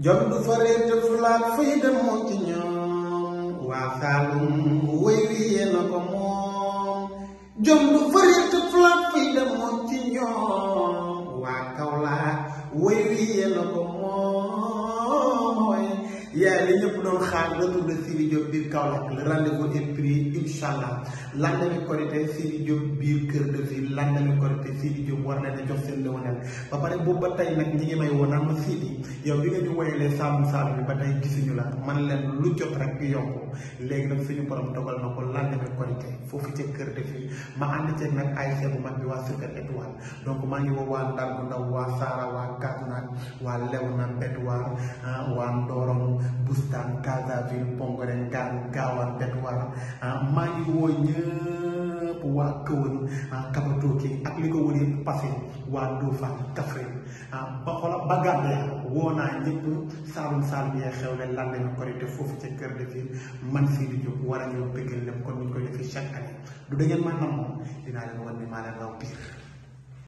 jot du fa réer te fulaak fay dem moo ci ñoom waa Saalum wéy wi yéena ko moom jot du fa réer te fulaak fay dem moo ci ñoom waa Kaolack wéy wi yéena ko moom Ya, li ñëpp doon xaar nga tudd Sidi Diop biir Kaolack le rendez-vous est pris incha allah lan la ñu ko rëtee Sidi Diop biir kër de ville lan la ñu ko rëtee Sidi Diop war na jox seen léwénal ba pare bu ba tey nag ñi ngi may woon naan ma Sidi yow bi nga ñu woyalee sam, saamu bi ba tey gisuñu la man leen lu jot rek di yokk léegi suñu borom dogal na ko lan la ñu ko rëtee foofu ca kër de ville ma ànd ci nag ay bu mag bi waa Sëkkër étoile donc maa ngi woo waa Ndar bu ndaw waa Sara waa Kaduna waa Léwénal Bédouard ah waa Ndorong kustan kaza vin pongoren gan gawan tekwar a mai wonye puakun, kun a kabato ke akli ko wuri pase wa do fa tafre a bakola bagade wona nyep salum salbi e xewne lande ko rete fof ci keur de vin man fi di jop wara ñu pegel lepp kon ñu ko defi chaque année du dañen man nam dina leen wonni ma leen raw pire